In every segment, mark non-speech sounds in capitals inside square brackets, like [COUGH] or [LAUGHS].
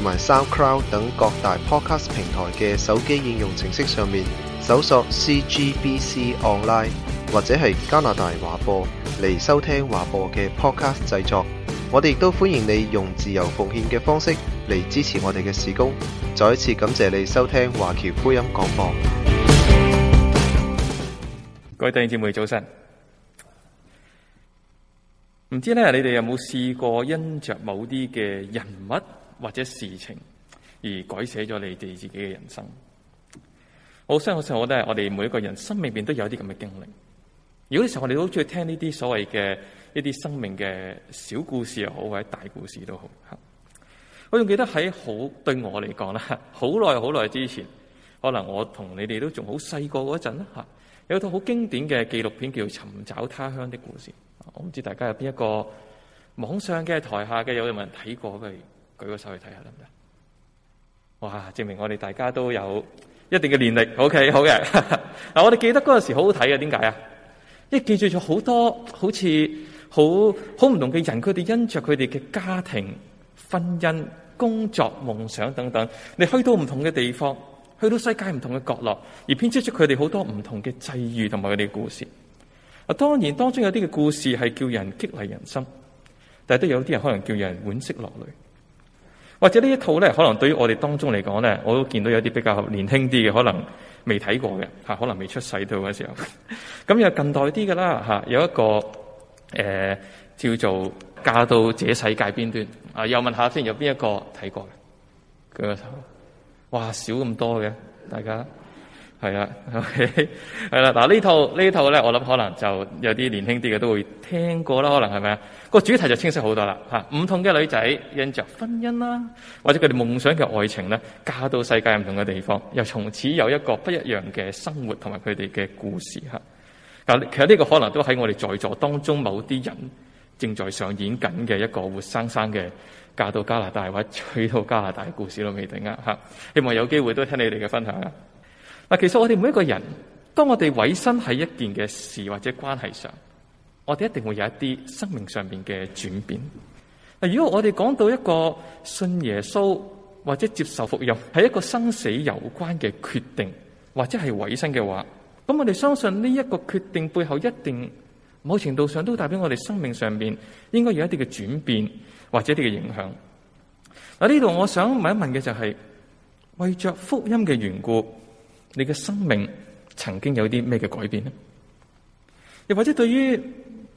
同埋 SoundCloud 等各大 Podcast 平台嘅手機應用程式上面搜索 CGBC Online 或者係加拿大華播嚟收聽華播嘅 Podcast 製作，我哋亦都歡迎你用自由奉獻嘅方式嚟支持我哋嘅事工。再一次感謝你收聽華僑福音廣播。各位弟兄姊妹早晨，唔知咧你哋有冇試過因着某啲嘅人物？或者事情而改寫咗你哋自己嘅人生，我相信好多時我都係我哋每一個人心裏邊都有啲咁嘅經歷。有啲時候我哋都好中意聽呢啲所謂嘅一啲生命嘅小故事又好，或者大故事都好。我仲記得喺好對我嚟講啦，好耐好耐之前，可能我同你哋都仲好細個嗰陣啦吓。有一套好經典嘅紀錄片叫《尋找他鄉的故事》，我唔知大家有邊一個網上嘅、台下嘅有冇人睇過嘅。舉個手去睇下，得唔得？哇！證明我哋大家都有一定嘅年齡。OK，好嘅嗱。 [LAUGHS] 我哋記得嗰陣時候好好睇嘅，點解啊？一記住咗好多好似好好唔同嘅人，佢哋因着佢哋嘅家庭、婚姻、工作、夢想等等，你去到唔同嘅地方，去到世界唔同嘅角落，而編織出佢哋好多唔同嘅際遇同埋佢哋故事。啊，當然當中有啲嘅故事係叫人激勵人心，但係都有啲人可能叫人惋惜落淚。或者呢一套咧，可能對於我哋當中嚟講咧，我都見到有啲比較年輕啲嘅，可能未睇過嘅，可能未出世到嘅時候。咁 [LAUGHS] 有近代啲嘅啦，有一個呃、叫做嫁到這世界邊端。啊，又問下先，有邊一個睇過？舉個手。哇，少咁多嘅，大家。係啦、啊，OK，係啦、啊。嗱，呢套，套呢套咧，我諗可能就有啲年輕啲嘅都會聽過啦。可能係咪啊？個主題就清晰好多啦。吓，唔同嘅女仔因着婚姻啦、啊，或者佢哋夢想嘅愛情咧，嫁到世界唔同嘅地方，又從此有一個不一樣嘅生活同埋佢哋嘅故事吓。其實呢個可能都喺我哋在座當中某啲人正在上演緊嘅一個活生生嘅嫁到加拿大或者娶到加拿大嘅故事咯，都未定啊吓。希望有機會都聽你哋嘅分享啊！嗱，其實我哋每一個人，當我哋委身喺一件嘅事或者關係上，我哋一定會有一啲生命上面嘅轉變。嗱，如果我哋講到一個信耶穌或者接受福音係一個生死有關嘅決定，或者係委身嘅話，咁我哋相信呢一個決定背後一定某程度上都代表我哋生命上邊應該有一啲嘅轉變或者一啲嘅影響。嗱，呢度我想問一問嘅就係為着福音嘅緣故。你嘅生命曾經有啲咩嘅改變呢？又或者對於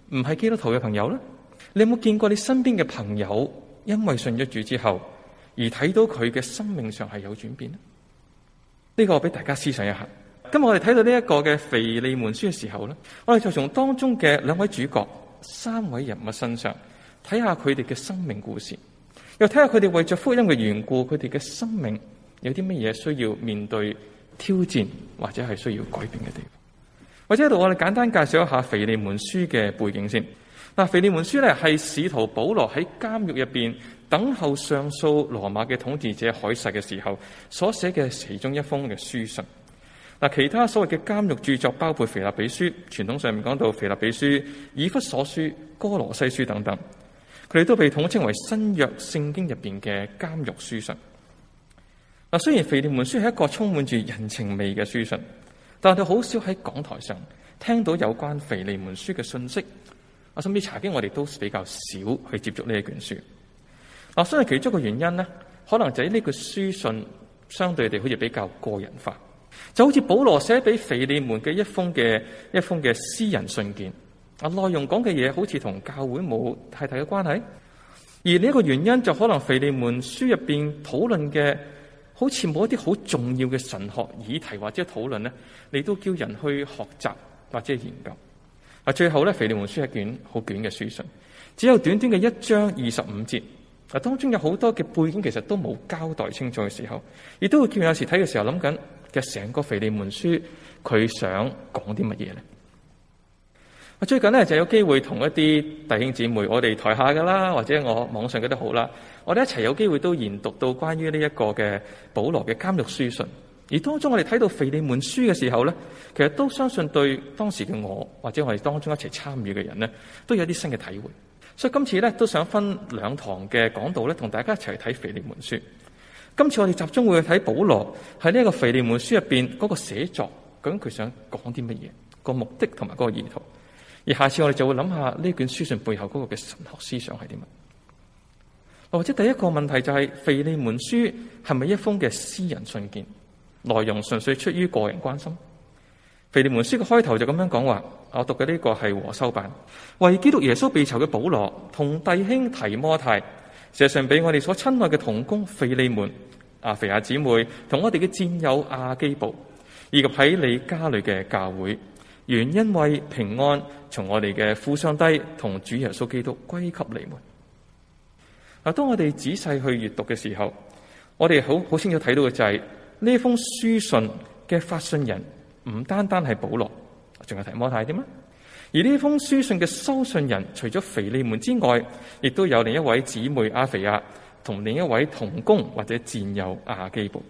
唔係基督徒嘅朋友咧，你有冇見過你身邊嘅朋友因為信咗主之後而睇到佢嘅生命上係有轉變呢？呢、這個我俾大家思想一下。今日我哋睇到呢一個嘅《腓利門書》嘅時候咧，我哋就從當中嘅兩位主角、三位人物身上睇下佢哋嘅生命故事，又睇下佢哋為着福音嘅緣故，佢哋嘅生命有啲乜嘢需要面對。挑戰或者係需要改變嘅地方，或者喺度我哋簡單介紹一下《腓利門書》嘅背景先。嗱，《腓利門書》咧係使徒保羅喺監獄入邊等候上訴羅馬嘅統治者凱撒嘅時候所寫嘅其中一封嘅書信。嗱，其他所謂嘅監獄著作包括《腓立比書》、傳統上面講到《腓立比書》、《以弗所書》、《哥羅西書》等等，佢哋都被統稱為新約聖經入邊嘅監獄書信。嗱，雖然腓利門書係一個充滿住人情味嘅書信，但係好少喺講台上聽到有關腓利門書嘅信息，啊，甚至查經我哋都比較少去接觸呢一卷書。嗱，所以其中一個原因咧，可能就喺呢個書信相對地好似比較個人化，就好似保羅寫俾腓利門嘅一封嘅一封嘅私人信件，啊，內容講嘅嘢好似同教會冇太大嘅關係。而呢一個原因就可能腓利門書入邊討論嘅。好似冇一啲好重要嘅神學議題或者討論咧，你都叫人去學習或者研究。嗱，最後咧，腓利門書一卷好短嘅書信，只有短短嘅一章二十五節。嗱，當中有好多嘅背景，其實都冇交代清楚嘅時候，亦都會叫有時睇嘅時候諗緊嘅成個腓利門書佢想講啲乜嘢咧。啊，最近咧就有機會同一啲弟兄姊妹，我哋台下噶啦，或者我網上嘅都好啦，我哋一齊有機會都研讀到關於呢一個嘅保羅嘅監獄書信，而當中我哋睇到腓利門書嘅時候咧，其實都相信對當時嘅我或者我哋當中一齊參與嘅人咧，都有一啲新嘅體會。所以今次咧都想分兩堂嘅講道咧，同大家一齊去睇腓利門書。今次我哋集中會去睇保羅喺呢一個腓利門書入邊嗰個寫作，究竟佢想講啲乜嘢？個目的同埋個意圖。而下次我哋就會諗下呢卷書信背後嗰個嘅神學思想係啲乜。或者第一個問題就係、是、腓利門書係咪一封嘅私人信件？內容純粹出於個人關心。腓利門書嘅開頭就咁樣講話：我讀嘅呢個係和修版，為基督耶穌被囚嘅保羅，同弟兄提摩太，事實上俾我哋所親愛嘅同工腓利門、阿、啊、腓亞姊妹，同我哋嘅戰友阿基布，以及喺你家裏嘅教會，原因為平安，從我哋嘅父上帝同主耶穌基督歸給你們。嗱，當我哋仔細去閱讀嘅時候，我哋好好清楚睇到嘅就係、是、呢封書信嘅發信人唔單單係保羅，仲有提摩太添啊。而呢封書信嘅收信人除咗腓利門之外，亦都有另一位姊妹阿腓亞，同另一位同工或者戰友亞基布，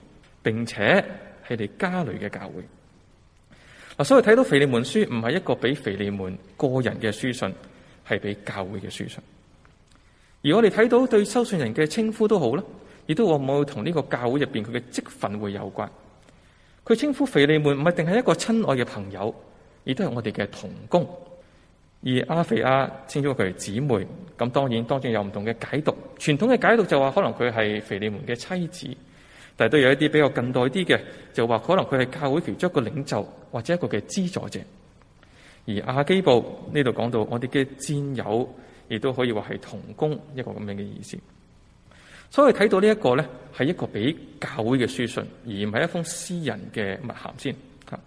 並且係你家裏嘅教會。嗱，所以睇到腓利門書唔係一個俾腓利門個人嘅書信，係俾教會嘅書信。而我哋睇到對收信人嘅稱呼好都好啦，亦都唔冇同呢個教會入邊佢嘅職份會有關。佢稱呼腓利門唔係定係一個親愛嘅朋友，亦都係我哋嘅同工。而阿腓阿稱咗佢係姊妹，咁當然當中有唔同嘅解讀。傳統嘅解讀就話可能佢係腓利門嘅妻子，但係都有一啲比較近代啲嘅，就話可能佢係教會其中一個領袖或者一個嘅資助者。而阿基布呢度講到我哋嘅戰友。亦都可以話係同工一個咁樣嘅意思，所以睇到呢一個呢，係一個俾教會嘅書信，而唔係一封私人嘅密函先吓。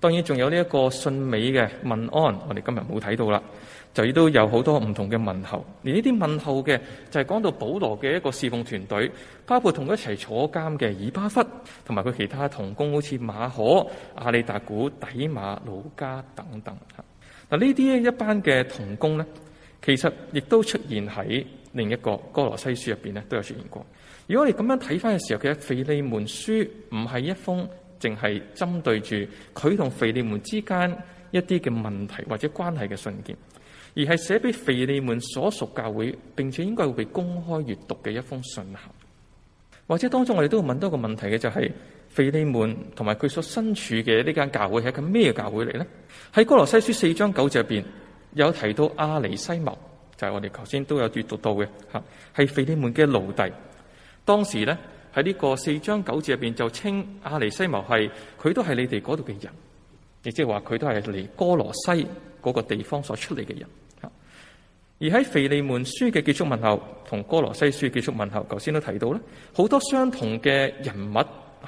當然仲有呢一個信尾嘅問安，我哋今日冇睇到啦，就亦都有好多唔同嘅問候。而呢啲問候嘅就係講到保羅嘅一個侍奉團隊，包括同佢一齊坐監嘅以巴弗，同埋佢其他同工，好似馬可、阿里達古、底馬、路加等等吓。嗱呢啲一班嘅同工呢。其實亦都出現喺另一個哥羅西書入邊咧，都有出現過。如果我哋咁樣睇翻嘅時候，其實腓利門書唔係一封淨係針對住佢同腓利門之間一啲嘅問題或者關係嘅信件，而係寫俾腓利門所屬教會，並且應該會被公開閱讀嘅一封信函。或者當中我哋都要問多個問題嘅就係、是、腓利門同埋佢所身處嘅呢間教會係一個咩教會嚟呢？喺哥羅西書四章九字入邊。有提到阿尼西母，就係、是、我哋頭先都有閱讀到嘅，吓係腓利門嘅奴隸。當時咧喺呢在這個四章九字入邊就稱阿尼西母係，佢都係你哋嗰度嘅人，亦即係話佢都係嚟哥羅西嗰個地方所出嚟嘅人。吓而喺腓利門書嘅結束問候同哥羅西書的結束問候，頭先都提到咧，好多相同嘅人物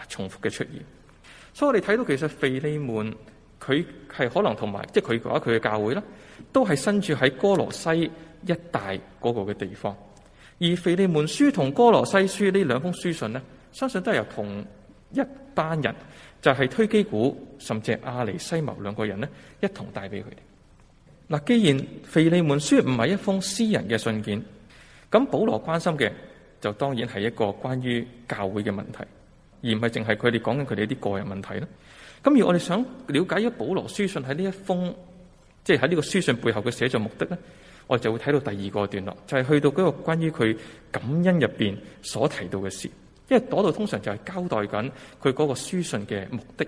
重複嘅出現，所以我哋睇到其實腓利門。佢係可能同埋，即係佢講佢嘅教會啦，都係身處喺哥羅西一帶嗰個嘅地方。而腓利門書同哥羅西書呢兩封書信呢，相信都係由同一班人，就係、是、推基古甚至阿尼西謀兩個人呢，一同帶俾佢哋。嗱，既然腓利門書唔係一封私人嘅信件，咁保羅關心嘅就當然係一個關於教會嘅問題，而唔係淨係佢哋講緊佢哋啲個人問題啦。咁而我哋想了解一保羅書信喺呢一封，即係喺呢個書信背後嘅寫作目的咧，我哋就會睇到第二個段落，就係去到嗰個關於佢感恩入邊所提到嘅事，因為嗰度通常就係交代緊佢嗰個書信嘅目的。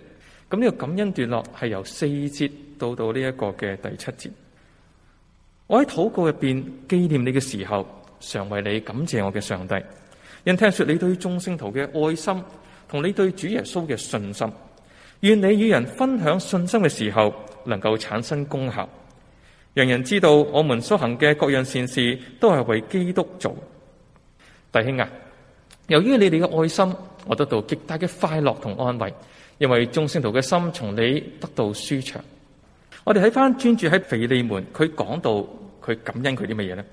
咁呢個感恩段落係由四節到到呢一個嘅第七節。我喺禱告入邊紀念你嘅時候，常為你感謝我嘅上帝，因聽說你對眾聖徒嘅愛心同你對主耶穌嘅信心。願你與人分享信心嘅時候，能夠產生功效，讓人知道我們所行嘅各樣善事都係為基督做。弟兄啊，由於你哋嘅愛心，我得到極大嘅快樂同安慰，因為眾聖徒嘅心從你得到舒暢。我哋睇翻專注喺腓利門，佢講到佢感恩佢啲乜嘢呢？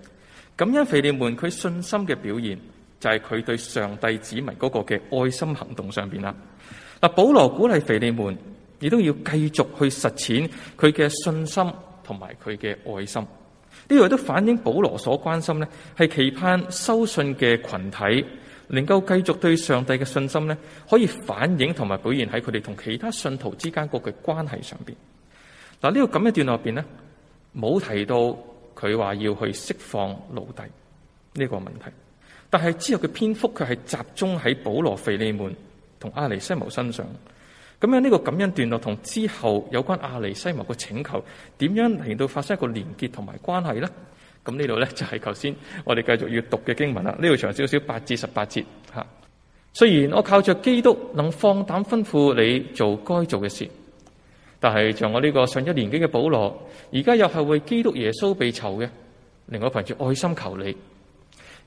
感恩腓利門佢信心嘅表現，就係、是、佢對上帝子民嗰個嘅愛心行動上面啦。嗱，保羅鼓勵腓利門，亦都要繼續去實踐佢嘅信心同埋佢嘅愛心。呢度亦都反映保羅所關心咧，係期盼收信嘅群體能夠繼續對上帝嘅信心咧，可以反映同埋表現喺佢哋同其他信徒之間嗰個關係上邊。嗱，呢個咁嘅段落入邊咧，冇提到佢話要去釋放奴隸呢個問題，但係之後嘅篇幅佢係集中喺保羅腓利門同阿尼西母身上，咁樣呢個感恩段落同之後有關阿尼西母嘅請求，點樣嚟到發生一個連結同埋關係咧？咁呢度咧就係頭先我哋繼續閱讀嘅經文啦。呢度長少少八至十八節吓。雖然我靠着基督能放膽吩咐你做該做嘅事，但係像我呢個上一年紀嘅保羅，而家又係為基督耶穌被囚嘅，另外憑住愛心求你，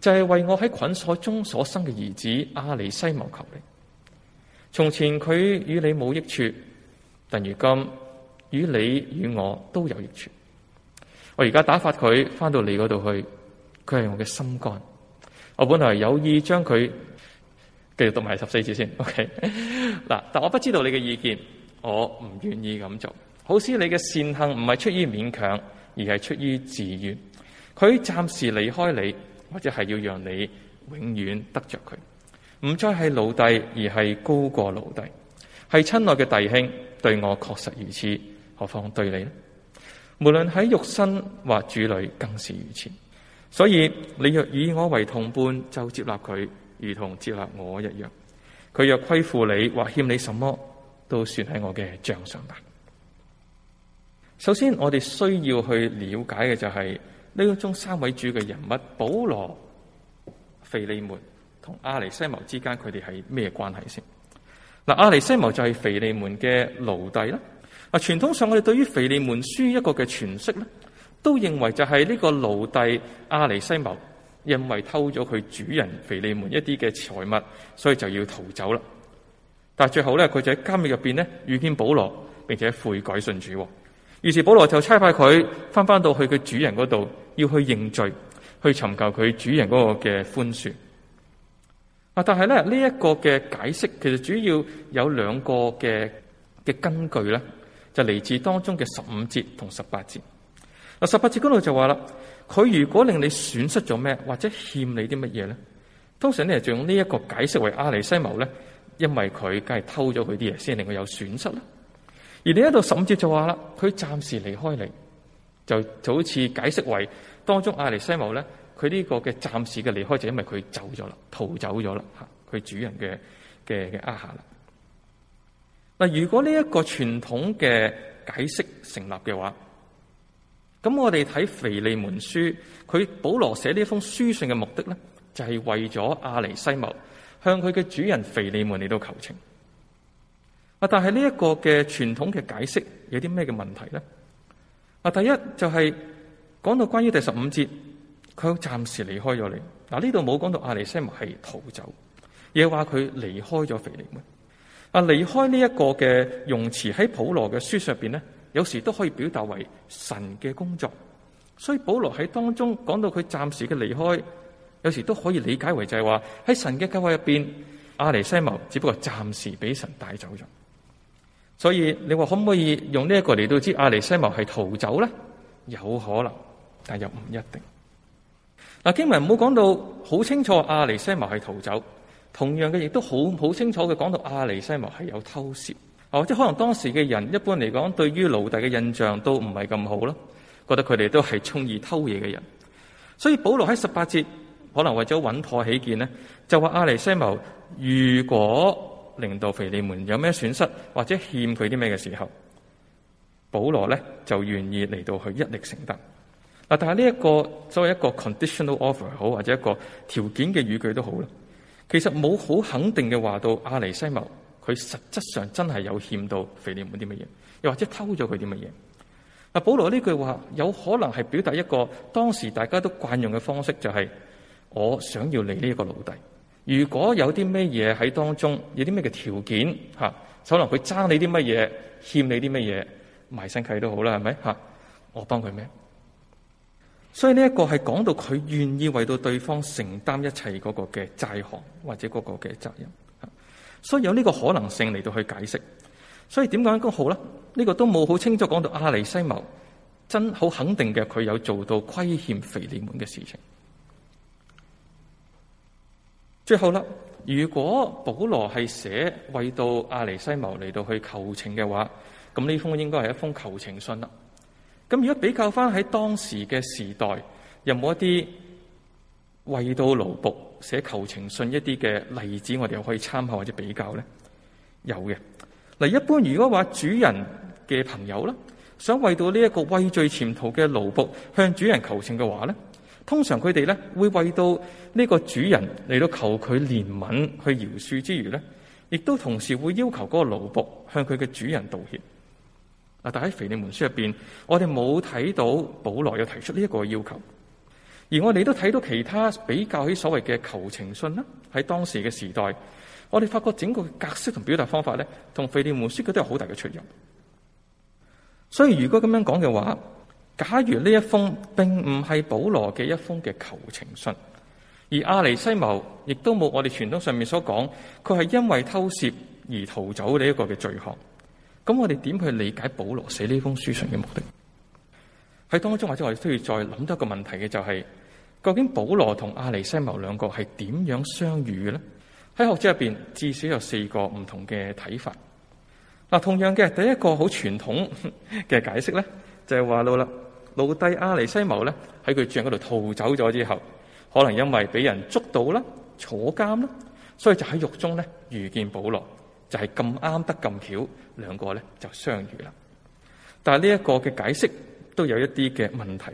就係、是、為我喺捆鎖中所生嘅兒子阿尼西母求你。從前佢與你冇益處，但如今與你與我都有益處。我而家打發佢翻到你嗰度去，佢係我嘅心肝。我本來有意將佢繼續讀埋十四節先。OK 嗱，但我不知道你嘅意見，我唔願意咁做。好叫你嘅善行唔係出於勉強，而係出於自願。佢暫時離開你，或者係要讓你永遠得着佢。唔再係奴隸，而係高過奴隸，係親愛嘅弟兄，對我確實如此，何況對你呢？無論喺肉身或主裏，更是如此。所以你若以我為同伴，就接納佢，如同接納我一樣。佢若虧負你或欠你什麼，都算喺我嘅賬上吧。首先，我哋需要去了解嘅就係呢個中三位主嘅人物保羅、腓利門。同阿尼西母之間，佢哋係咩關係先？嗱，阿尼西母就係腓利門嘅奴隸啦。嗱，傳統上我哋對於腓利門書一個嘅詮釋咧，都認為就係呢個奴隸阿尼西母因為偷咗佢主人腓利門一啲嘅財物，所以就要逃走啦。但係最後咧，佢就喺監獄入邊咧遇見保羅，並且悔改信主，於是保羅就差派佢翻翻到去佢主人嗰度，要去認罪，去尋求佢主人嗰個嘅寬恕。但係咧，呢、這、一個嘅解釋其實主要有兩個嘅嘅根據咧，就嚟自當中嘅十五節同十八節。嗱，十八節嗰度就話啦，佢如果令你損失咗咩，或者欠你啲乜嘢咧，通常你就用呢一個解釋為阿尼西母咧，因為佢梗係偷咗佢啲嘢，先令佢有損失啦。而呢一度十五節就話啦，佢暫時離開你，就好似解釋為當中阿尼西母咧。佢呢個嘅暫時嘅離開就因為佢走咗啦，逃走咗啦，吓佢主人嘅嘅嘅呃下啦。嗱，如果呢一個傳統嘅解釋成立嘅話，咁我哋睇腓利門書，佢保羅寫呢封書信嘅目的咧，就係為咗阿尼西謀向佢嘅主人腓利門嚟到求情。啊，但係呢一個嘅傳統嘅解釋有啲咩嘅問題咧？啊，第一就係、是、講到關於第十五節。佢暫時離開咗你。嗱，呢度冇講到阿尼西牟係逃走，亦話佢離開咗腓利門。啊，離開呢一個嘅用詞喺保羅嘅書上邊咧，有時都可以表達為神嘅工作。所以保羅喺當中講到佢暫時嘅離開，有時都可以理解為就係話喺神嘅計劃入邊，阿尼西牟只不過暫時俾神帶走咗。所以你話可唔可以用呢一個嚟,到知道阿尼西牟係逃走咧？有可能，但又唔一定。經文唔好講到好清楚，阿尼西摩係逃走，同樣嘅亦都好好清楚嘅講到阿尼西摩係有偷竊，哦，即係可能當時嘅人一般嚟講，對於奴隸嘅印象都唔係咁好啦，覺得佢哋都係鍾意偷嘢嘅人，所以保羅喺十八節，可能為咗穩妥起見呢，就話阿尼西摩如果令到腓利門有咩損失，或者欠佢啲咩嘅時候，保羅呢就願意嚟到去一力承擔。但係呢一個作為一個 conditional offer 好，或者一個條件嘅語句都好啦。其實冇好肯定嘅話，到阿尼西謀佢實質上真係有欠到腓利門啲乜嘢，又或者偷咗佢啲乜嘢。阿保羅呢句話有可能係表達一個當時大家都慣用嘅方式、就是，就係我想要你呢一個奴隸。如果有啲咩嘢喺當中，有啲咩嘅條件吓，可能佢爭你啲乜嘢，欠你啲乜嘢，埋身契都好啦，係咪吓？我幫佢咩？所以呢一個係講到佢願意為到對方承擔一切嗰個嘅債項或者嗰個嘅責任，所以有呢個可能性嚟到去解釋。所以點講都好啦，呢、這個都冇好清楚講到阿尼西謀真好肯定嘅佢有做到虧欠腓利門嘅事情。最後啦，如果保羅係寫為到阿尼西謀嚟到去求情嘅話，咁呢封應該係一封求情信啦。咁如果比較翻喺當時嘅時代，有冇一啲為到奴僕寫求情信一啲嘅例子，我哋又可以參考或者比較咧？有嘅。嗱，一般如果話主人嘅朋友咧，想為到呢一個畏罪潛逃嘅奴僕向主人求情嘅話咧，通常佢哋咧會為到呢個主人嚟到求佢憐憫，去饒恕之餘咧，亦都同時會要求嗰個奴僕向佢嘅主人道歉。嗱，但喺腓利門書入邊，我哋冇睇到保羅有提出呢一個要求，而我哋都睇到其他比較起所謂嘅求情信啦。喺當時嘅時代，我哋發覺整個格式同表達方法咧，同腓利門書都有好大嘅出入。所以如果咁樣講嘅話，假如呢一封並唔係保羅嘅一封嘅求情信，而阿尼西謀亦都冇我哋傳統上面所講，佢係因為偷竊而逃走呢一個嘅罪行。咁我哋點去理解保羅寫呢封書信嘅目的？喺當中或者我哋都要再諗多一個問題嘅就係，究竟保羅同阿尼西母兩個係點樣相遇嘅咧？喺學者入邊至少有四個唔同嘅睇法。嗱，同樣嘅第一個好傳統嘅解釋咧，就係話到啦，奴隸阿尼西母咧喺佢主人嗰度逃走咗之後，可能因為俾人捉到啦，坐監啦，所以就喺獄中咧遇見保羅。就係咁啱得咁巧，兩個咧就相遇啦。但係呢一個嘅解釋都有一啲嘅問題。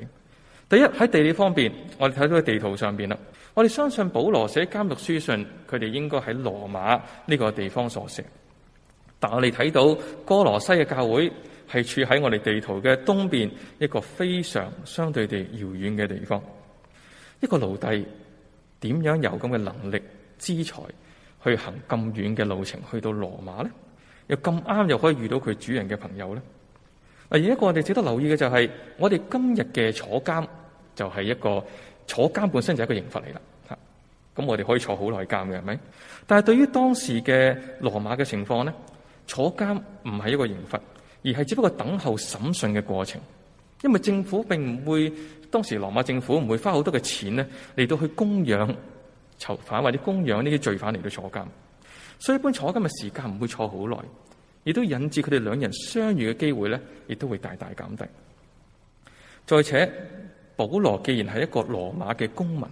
第一喺，地理方面，我哋睇到個地圖上邊啦，我哋相信保羅寫監獄書信，佢哋應該喺羅馬呢個地方所寫。但我哋睇到哥羅西嘅教會係處喺我哋地圖嘅東邊一個非常相對地遙遠嘅地方。一個奴隸點樣有咁嘅能力資財？資材去行咁遠嘅路程，去到羅馬咧，又咁啱又可以遇到佢主人嘅朋友咧。嗱，而一個我哋值得留意嘅就係，我哋今日嘅坐監就係一個坐監本身就係一個刑罰嚟啦。吓，咁我哋可以坐好耐監嘅，係咪？但係對於當時嘅羅馬嘅情況咧，坐監唔係一個刑罰，而係只不過等候審訊嘅過程。因為政府並唔會，當時羅馬政府唔會花好多嘅錢咧嚟到去供養。囚犯或者供養呢啲罪犯嚟到坐監，所以一般坐監嘅時間唔會坐好耐，亦都引致佢哋兩人相遇嘅機會咧，亦都會大大減低。再且保羅既然係一個羅馬嘅公民，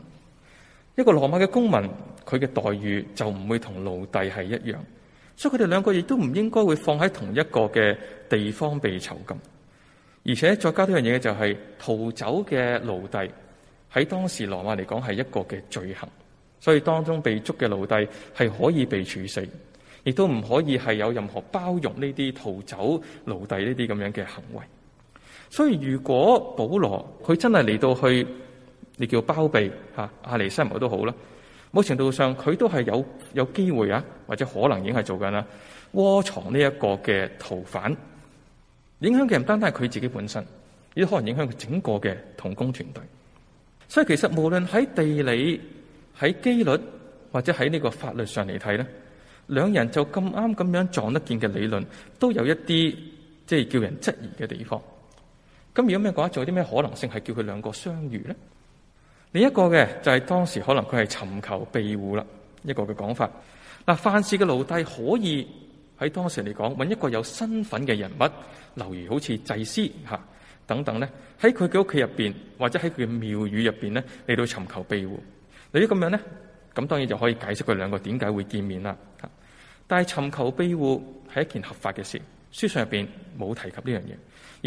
一個羅馬嘅公民，佢嘅待遇就唔會同奴隸係一樣，所以佢哋兩個亦都唔應該會放喺同一個嘅地方被囚禁。而且再加多樣嘢嘅就係、是、逃走嘅奴隸喺當時羅馬嚟講係一個嘅罪行。所以當中被捉嘅奴隸係可以被處死，亦都唔可以係有任何包容呢啲逃走奴隸呢啲咁樣嘅行為。所以如果保羅佢真係嚟到去，你叫包庇吓阿、啊、尼西姆都好啦，某程度上佢都係有有機會啊，或者可能已經係做緊啦窩藏呢一個嘅逃犯，影響嘅唔單單係佢自己本身，亦都可能影響佢整個嘅同工團隊。所以其實無論喺地理，喺機率或者喺呢個法律上嚟睇咧，兩人就咁啱咁樣撞得見嘅理論都有一啲即係叫人質疑嘅地方。咁如果咩講？仲有啲咩可能性係叫佢兩個相遇咧？另一個嘅就係、是、當時可能佢係尋求庇護啦，一個嘅講法嗱。犯事嘅奴隸可以喺當時嚟講揾一個有身份嘅人物，例如好似祭司嚇等等咧，喺佢嘅屋企入邊或者喺佢嘅廟宇入邊咧嚟到尋求庇護。由於咁樣咧，咁當然就可以解釋佢兩個點解會見面啦。但係尋求庇護係一件合法嘅事，書上入邊冇提及呢樣嘢。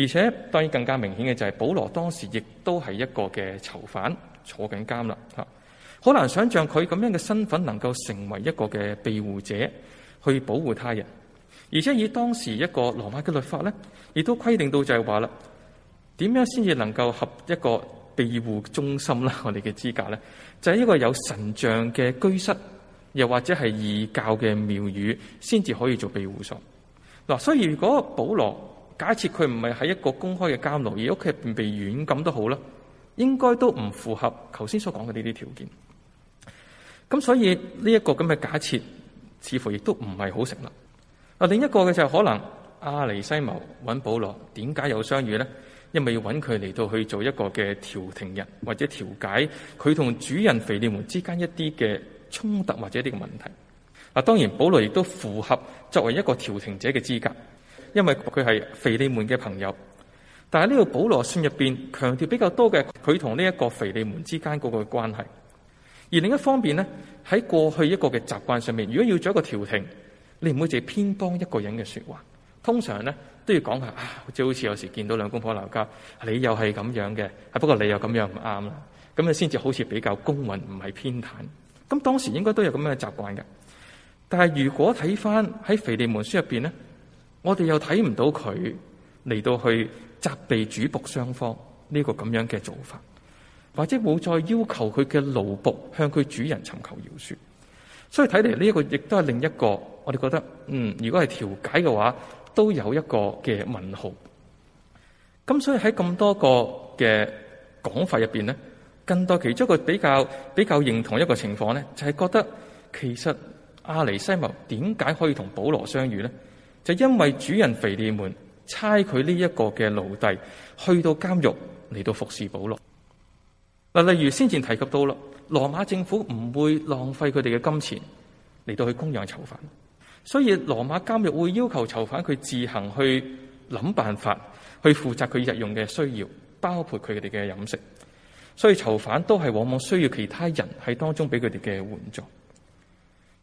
而且當然更加明顯嘅就係，保羅當時亦都係一個嘅囚犯，坐緊監啦。嚇，好難想像佢咁樣嘅身份能夠成為一個嘅庇護者，去保護他人。而且以當時一個羅馬嘅律法咧，亦都規定到就係話啦，點樣先至能夠合一個庇護中心啦，我哋嘅資格咧，就係、是、一個有神像嘅居室，又或者係異教嘅廟宇，先至可以做庇護所。嗱，所以如果保羅假設佢唔係喺一個公開嘅監牢，而屋企入邊被軟禁都好啦，應該都唔符合頭先所講嘅呢啲條件。咁所以呢一個咁嘅假設，似乎亦都唔係好成立。啊，另一個嘅就係可能阿尼西謀揾保羅，點解有相遇咧？因為要揾佢嚟到去做一個嘅調停人，或者調解佢同主人腓利門之間一啲嘅衝突或者一啲嘅問題。嗱，當然保羅亦都符合作為一個調停者嘅資格，因為佢係腓利門嘅朋友。但係呢個保羅書入邊強調比較多嘅，佢同呢一個腓利門之間嗰個關係。而另一方面咧，喺過去一個嘅習慣上面，如果要做一個調停，你唔會淨係偏幫一個人嘅說話，通常咧。都要講下啊，即係好似有時見到兩公婆鬧交，你又係咁樣嘅，不過你又咁樣唔啱啦。咁啊，先至好似比較公允，唔係偏袒。咁當時應該都有咁樣嘅習慣嘅。但係如果睇翻喺《腓利門書》入邊咧，我哋又睇唔到佢嚟到去責備主僕雙方呢個咁樣嘅做法，或者冇再要求佢嘅奴僕向佢主人尋求饒恕。所以睇嚟呢一個亦都係另一個，我哋覺得嗯，如果係調解嘅話。都有一個嘅問號，咁所以喺咁多個嘅講法入邊咧，更多其中一個比較比較認同一個情況咧，就係、是、覺得其實阿尼西母點解可以同保羅相遇咧？就是、因為主人腓利門差佢呢一個嘅奴隸去到監獄嚟到服侍保羅。嗱，例如先前提及到啦，羅馬政府唔會浪費佢哋嘅金錢嚟到去供養囚犯。所以羅馬監獄會要求囚犯佢自行去諗辦法，去負責佢日用嘅需要，包括佢哋嘅飲食。所以囚犯都係往往需要其他人喺當中俾佢哋嘅援助。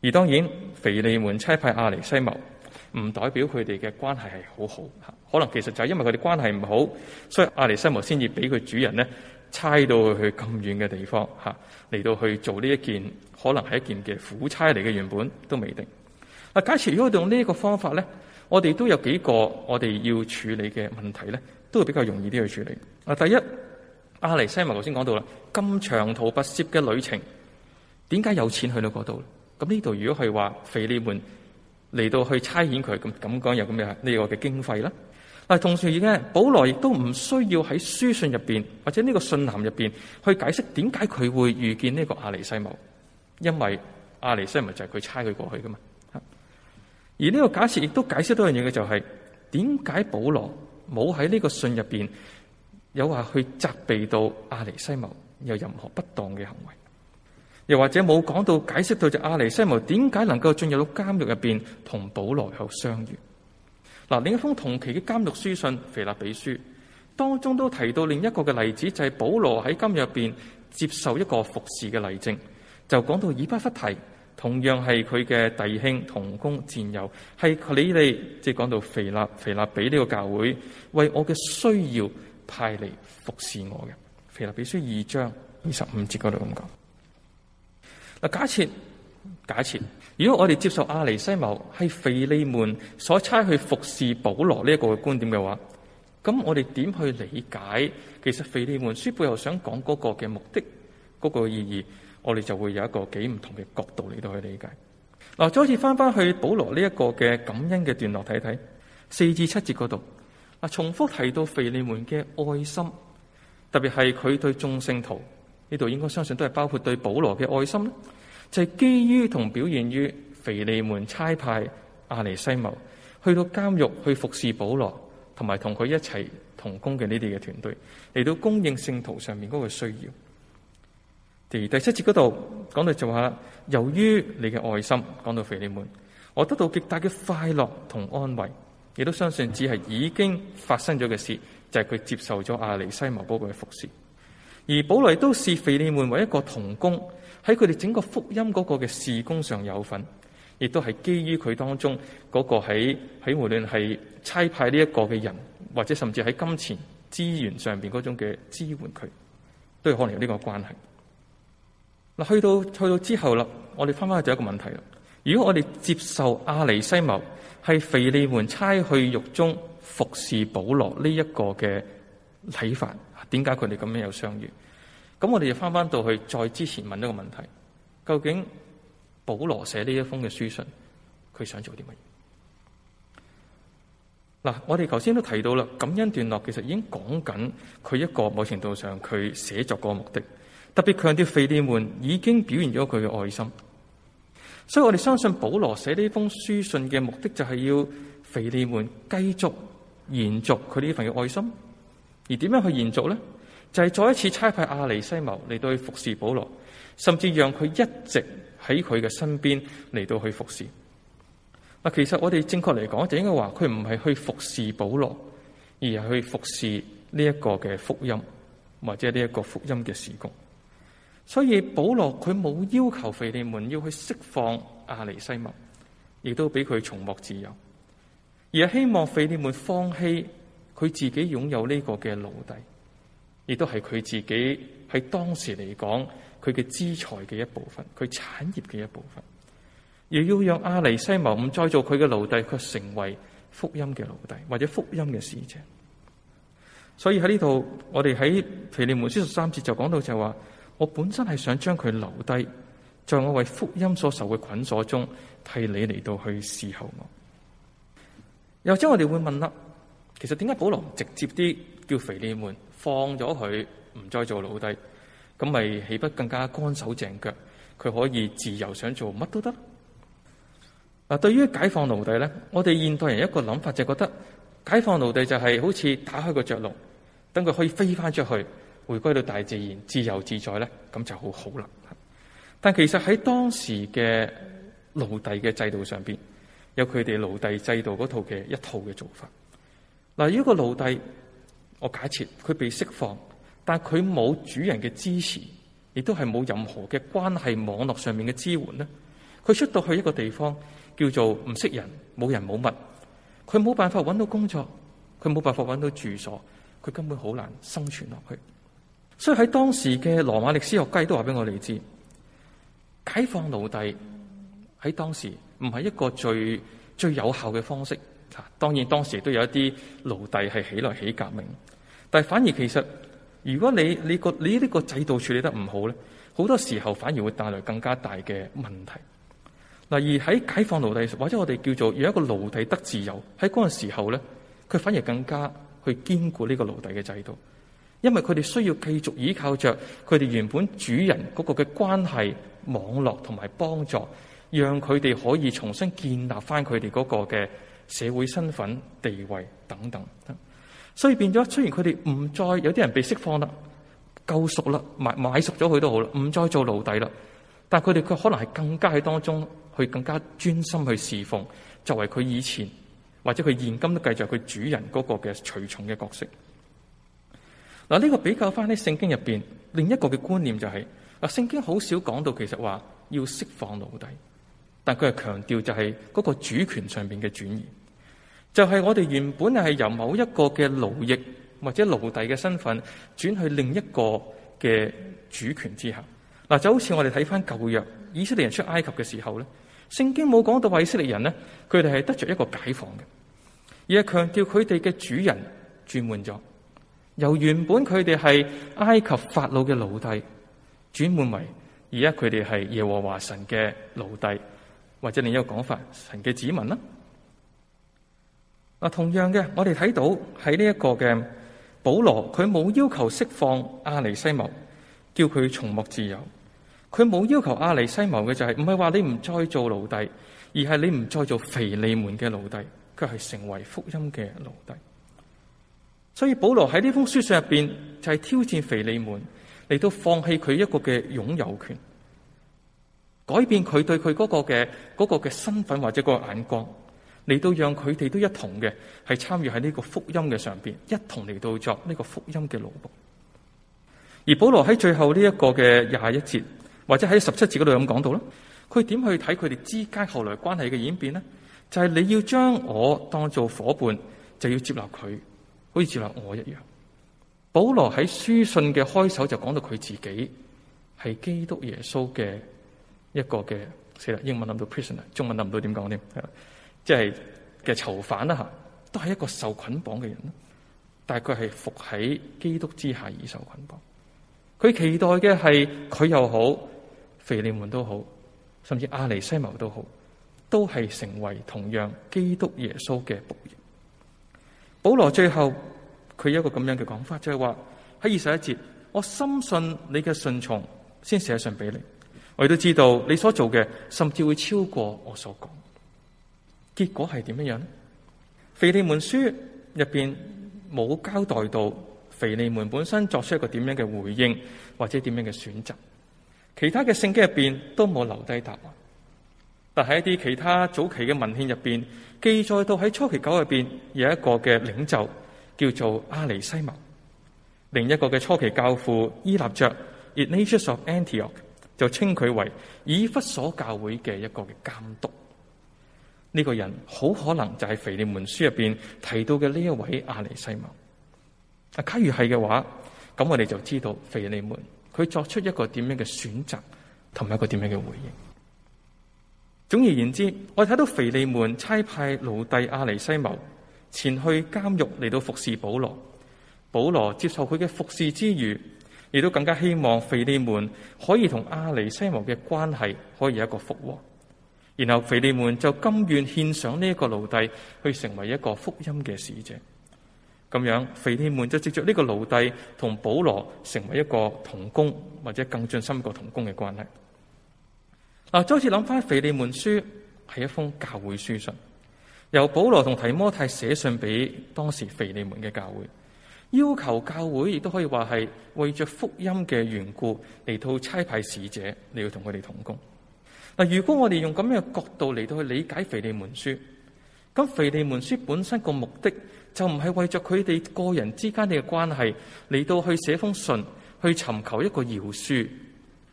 而當然，腓利門差派阿尼西母，唔代表佢哋嘅關係係好好吓，可能其實就係因為佢哋關係唔好，所以阿尼西母先至俾佢主人咧差到去咁遠嘅地方吓，嚟到去做呢一件可能係一件嘅苦差嚟嘅，原本都未定。啊！假設如果用呢一個方法咧，我哋都有幾個我哋要處理嘅問題咧，都會比較容易啲去處理。啊，第一，阿尼西穆頭先講到啦，咁長途跋涉嘅旅程，點解有錢去到嗰度咧？咁呢度如果係話腓利門嚟到去差遣佢咁，咁講有咁嘅呢個嘅經費咧？啊，同時而家保羅亦都唔需要喺書信入邊或者呢個信函入邊去解釋點解佢會遇見呢個阿尼西穆，因為阿尼西穆就係佢差佢過去噶嘛。而呢個假設亦都解釋到一樣嘢嘅，就係點解保羅冇喺呢個信入邊有話去責備到阿尼西謀有任何不當嘅行為，又或者冇講到解釋到就阿尼西謀點解能夠進入到監獄入邊同保羅有相遇。嗱，另一封同期嘅監獄書信腓立比書當中都提到另一個嘅例子就係、是、保羅喺監獄入邊接受一個服侍嘅例證，就講到以巴弗提。同樣係佢嘅弟兄同工戰友，係你哋即係講到腓立腓立比呢個教會，為我嘅需要派嚟服侍我嘅。腓立比書二章二十五節嗰度咁講。嗱、嗯，假設假設，如果我哋接受阿尼西母係腓利門所差去服侍保羅呢一個觀點嘅話，咁我哋點去理解其實腓利門書背後想講嗰個嘅目的嗰、嗰個意義？我哋就會有一個幾唔同嘅角度嚟到去理解。嗱，再好似翻翻去保羅呢一個嘅感恩嘅段落睇睇，四至七節嗰度，嗱，重複提到腓利門嘅愛心，特別係佢對眾聖徒呢度應該相信都係包括對保羅嘅愛心就係、是、基於同表現於腓利門差派阿尼西謀去到監獄去服侍保羅，同埋同佢一齊同工嘅呢啲嘅團隊嚟到供應聖徒上面嗰個需要。第第七節嗰度講到就話啦，由於你嘅愛心，講到腓利門，我得到極大嘅快樂同安慰，亦都相信只係已經發生咗嘅事，就係、是、佢接受咗阿尼西母嘅服侍。而保羅都視腓利門為一,一個同工，喺佢哋整個福音嗰個嘅事工上有份，亦都係基於佢當中嗰個喺喺無論係差派呢一個嘅人，或者甚至喺金錢資源上邊嗰種嘅支援，佢都可能有呢個關係。嗱，去到去到之後啦，我哋翻翻去第一個問題啦。如果我哋接受亞尼西謀係腓利門差去獄中服侍保羅呢一個嘅睇法，點解佢哋咁樣有相遇？咁我哋就翻翻到去再之前問一個問題：究竟保羅寫呢一封嘅書信，佢想做啲乜嘢？嗱，我哋頭先都提到啦，感恩段落其實已經講緊佢一個某程度上佢寫作個目的。特別強調，腓利門已經表現咗佢嘅愛心，所以我哋相信保羅寫呢封書信嘅目的就係要腓利門繼續延續佢呢份嘅愛心。而點樣去延續咧，就係、是、再一次差派阿尼西謀嚟到去服侍保羅，甚至讓佢一直喺佢嘅身邊嚟到去服侍。嗱，其實我哋正確嚟講就應該話佢唔係去服侍保羅，而係去服侍呢一個嘅福音，或者呢一個福音嘅事工。所以保羅佢冇要求腓利門要去釋放阿尼西莫，亦都俾佢重獲自由，而係希望腓利門放棄佢自己擁有呢個嘅奴隸，亦都係佢自己喺當時嚟講佢嘅資財嘅一部分，佢產業嘅一部分，而要讓阿尼西莫唔再做佢嘅奴隸，佢成為福音嘅奴隸或者福音嘅使者。所以喺呢度，我哋喺腓利門書十三節就講到就係話。我本身係想將佢留低，在我為福音所受嘅捆鎖中，替你嚟到去侍候我。又之我哋會問啦，其實，點解保羅直接啲叫腓利門放咗佢，唔再做奴隸？咁咪豈不更加乾手淨腳？佢可以自由想做乜都得。嗱，對於解放奴隸咧，我哋現代人一個諗法就覺得，解放奴隸就係好似打開個雀籠，等佢可以飛返出去。回歸到大自然，自由自在咧，咁就好好啦。但其實喺當時嘅奴隸嘅制度上邊，有佢哋奴隸制度嗰套嘅一套嘅做法。嗱，如果個奴隸，我假設佢被釋放，但係佢冇主人嘅支持，亦都係冇任何嘅關係網絡上面嘅支援咧。佢出到去一個地方，叫做唔識人，冇人冇物，佢冇辦法搵到工作，佢冇辦法搵到住所，佢根本好難生存落去。所以喺當時嘅羅馬歷史學家都話俾我哋知，解放奴隸喺當時唔係一個最最有效嘅方式。當然當時都有一啲奴隸係起來起革命，但係反而其實如果你你，這個你呢個制度處理得唔好咧，好多時候反而會帶來更加大嘅問題。例而喺解放奴隸或者我哋叫做有一個奴隸得自由喺嗰個時候咧，佢反而更加去堅固呢個奴隸嘅制度。因為佢哋需要繼續依靠着佢哋原本主人嗰個嘅關係網絡同埋幫助，讓佢哋可以重新建立翻佢哋嗰個嘅社會身份地位等等。所以變咗，雖然佢哋唔再有啲人被釋放啦、救贖啦、買買贖咗佢都好啦，唔再做奴隸啦，但佢哋佢可能係更加喺當中去更加專心去侍奉，作為佢以前或者佢現今都繼續佢主人嗰個嘅隨從嘅角色。嗱，呢個比較翻喺聖經入邊另一個嘅觀念就係，啊，聖經好少講到其實話要釋放奴隸，但佢係強調就係嗰個主權上邊嘅轉移，就係、是、我哋原本係由某一個嘅奴役或者奴隸嘅身份轉去另一個嘅主權之下。嗱，就好似我哋睇翻舊約，以色列人出埃及嘅時候咧，聖經冇講到話以色列人呢，佢哋係得着一個解放嘅，而係強調佢哋嘅主人轉換咗。由原本佢哋係埃及法老嘅奴隸，轉換為而家佢哋係耶和華神嘅奴隸，或者另一個講法，神嘅子民啦。嗱，同樣嘅，我哋睇到喺呢一個嘅保羅，佢冇要求釋放阿尼西謀，叫佢重獲自由。佢冇要求阿尼西謀嘅就係，唔係話你唔再做奴隸，而係你唔再做腓利門嘅奴隸，佢係成為福音嘅奴隸。所以保羅喺呢封書信入邊就係挑戰腓利門嚟到放棄佢一個嘅擁有權，改變佢對佢嗰個嘅嗰、嗰個嘅身份或者嗰個眼光，嚟到讓佢哋都一同嘅係參與喺呢個福音嘅上邊，一同嚟到作呢個福音嘅勞碌。而保羅喺最後呢一個嘅廿一節或者喺十七節嗰度咁講到啦，佢點去睇佢哋之間後來關係嘅演變呢？就係、是、你要將我當做伙伴，就要接納佢。好似接納我一樣，保羅喺書信嘅開首就講到佢自己係基督耶穌嘅一個嘅，死啦！英文諗到 prisoner, 中文諗唔到點講添，係即係嘅囚犯啦吓，都係一個受捆綁嘅人，但係佢係服喺基督之下而受捆綁。佢期待嘅係佢又好，腓利門都好，甚至阿尼西謀都好，都係成為同樣基督耶穌嘅僕人。保羅最後佢有一個咁樣嘅講法，就係話喺二十一節，我深信你嘅信從先寫信俾你。我亦都知道你所做嘅甚至會超過我所講。結果係點樣樣呢？腓利門書入邊冇交代到腓利門本身作出一個點樣嘅回應或者點樣嘅選擇。其他嘅聖經入邊都冇留低答案。但喺一啲其他早期嘅文獻入邊，記載到喺初期九入邊有一個嘅領袖叫做阿尼西蒙，另一個嘅初期教父伊納爵 Ignatius of Antioch） 就稱佢為以弗所教會嘅一個嘅監督。呢、這個人好可能就係《腓利門書》入邊提到嘅呢一位阿尼西蒙。啊，假如係嘅話，咁我哋就知道腓利門佢作出一個點樣嘅選擇，同埋一個點樣嘅回應。總而言之，我睇到腓利門差派奴隸阿尼西謀前去監獄嚟到服侍保羅。保羅接受佢嘅服侍之餘，亦都更加希望腓利門可以同阿尼西謀嘅關係可以有一個復和。然後腓利門就甘願獻上呢一個奴隸去成為一個福音嘅使者。咁樣，腓利門就藉着呢個奴隸同保羅成為一個同工，或者更進深一個同工嘅關係。嗱，再次諗翻《腓利門書》係一封教會書信，由保羅同提摩太寫信俾當時腓利門嘅教會，要求教會亦都可以話係為着福音嘅緣故嚟到差派使者嚟到同佢哋同工。嗱，如果我哋用咁樣嘅角度嚟到去理解《腓利門書》，咁《腓利門書》本身個目的就唔係為着佢哋個人之間嘅關係嚟到去寫封信，去尋求一個饒恕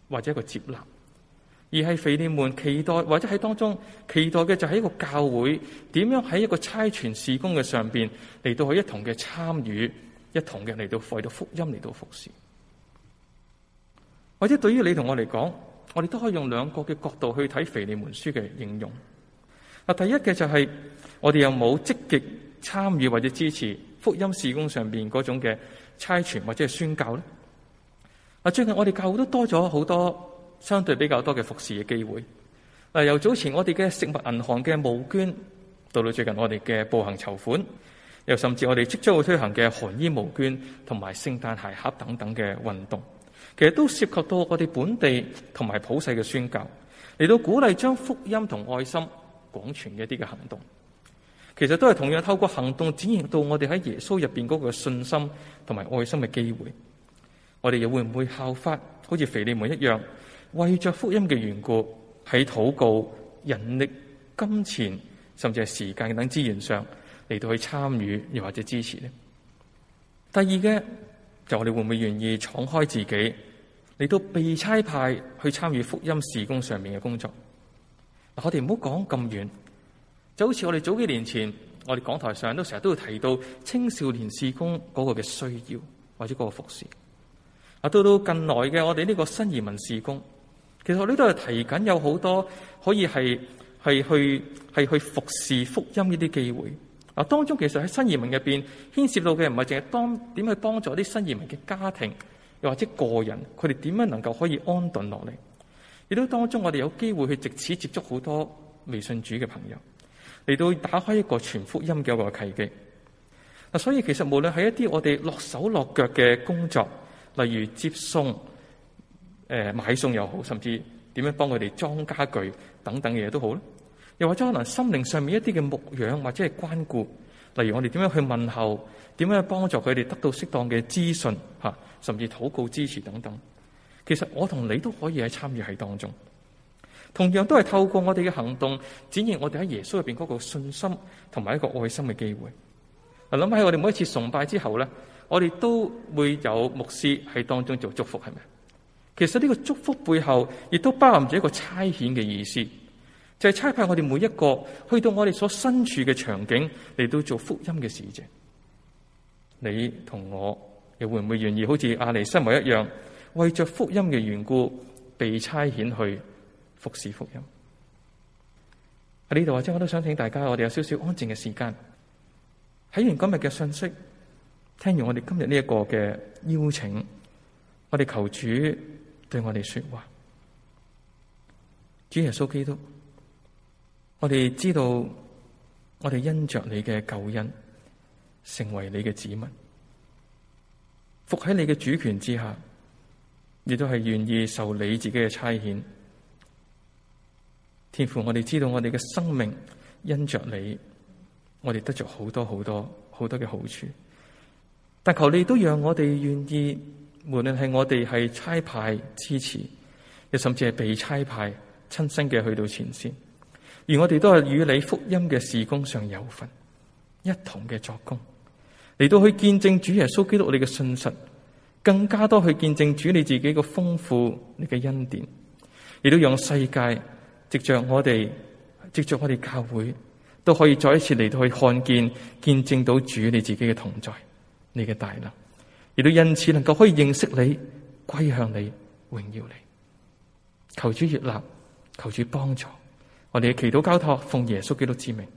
或者一個接納。而係腓利門期待，或者喺當中期待嘅就係一個教會點樣喺一個差傳事工嘅上邊嚟到去一同嘅參與，一同嘅嚟到為到福音嚟到服侍。或者對於你同我嚟講，我哋都可以用兩個嘅角度去睇腓利門書嘅應用。啊，第一嘅就係我哋有冇積極參與或者支持福音事工上邊嗰種嘅差傳或者宣教咧？啊，最近我哋教會都多咗好多。相對比較多嘅服侍嘅機會。嗱，由早前我哋嘅食物銀行嘅募捐，到到最近我哋嘅步行籌款，又甚至我哋即將會推行嘅寒衣募捐，同埋聖誕鞋盒等等嘅運動，其實都涉及到我哋本地同埋普世嘅宣教嚟到鼓勵將福音同愛心廣傳嘅一啲嘅行動。其實都係同樣透過行動展現到我哋喺耶穌入邊嗰個信心同埋愛心嘅機會。我哋又會唔會效法好似腓利門一樣？為着福音嘅緣故，喺禱告、人力、金錢甚至係時間等資源上嚟到去參與，又或者支持呢？第二嘅就我哋會唔會願意敞開自己嚟到被差派去參與福音事工上面嘅工作？嗱，我哋唔好講咁遠，就好似我哋早幾年前，我哋講台上都成日都會提到青少年事工嗰個嘅需要，或者嗰個服侍啊，到到近來嘅我哋呢個新移民事工。其實我呢度係提緊有好多可以係係去係去服侍福音呢啲機會啊，當中其實喺新移民入邊牽涉到嘅唔係淨係當點去幫助啲新移民嘅家庭，又或者個人，佢哋點樣能夠可以安頓落嚟，亦都當中我哋有機會去借此接觸好多未信主嘅朋友，嚟到打開一個傳福音嘅一個契機。嗱，所以其實無論喺一啲我哋落手落腳嘅工作，例如接送。.誒，買餸又好，甚至點樣幫佢哋裝家具等等嘅嘢都好咧。又或者可能心靈上面一啲嘅牧養或者係關顧，例如我哋點樣去問候，點樣幫助佢哋得到適當嘅資訊吓，甚至禱告支持等等。其實我同你都可以喺參與喺當中，同樣都係透過我哋嘅行動展現我哋喺耶穌入邊嗰個信心同埋一個愛心嘅機會。我諗喺我哋每一次崇拜之後咧，我哋都會有牧師喺當中做祝福，係咪？其實呢個祝福背後，亦都包含住一個差遣嘅意思，就係差派我哋每一個去到我哋所身處嘅場景，嚟到做福音嘅事情。你同我又會唔會願意好似阿尼西母一樣，為着福音嘅緣故，被差遣去服侍福音？喺呢度或者我都想請大家，我哋有少少安靜嘅時間，睇完今日嘅信息，聽完我哋今日呢一個嘅邀請，我哋求主，對我哋說話，主耶穌基督，我哋知道，我哋因着你嘅救恩，成為你嘅子民，伏喺你嘅主權之下，亦都係願意受你自己嘅差遣。天父，我哋知道，我哋嘅生命因着你，我哋得着好多好多好多嘅好處。但求你都讓我哋願意。無論係我哋係差派支持，又甚至係被差派親身嘅去到前線，而我哋都係與你福音嘅事工上有份一同嘅作工，嚟到去見證主耶穌基督你嘅信實，更加多去見證主你自己嘅豐富、你嘅恩典，亦都讓世界藉着我哋、藉着我哋教會都可以再一次嚟到去看見、見證到主你自己嘅同在、你嘅大能。亦都因此能夠可以認識你、歸向你、榮耀你，求主悅納，求主幫助，我哋祈禱交託，奉耶穌基督之名。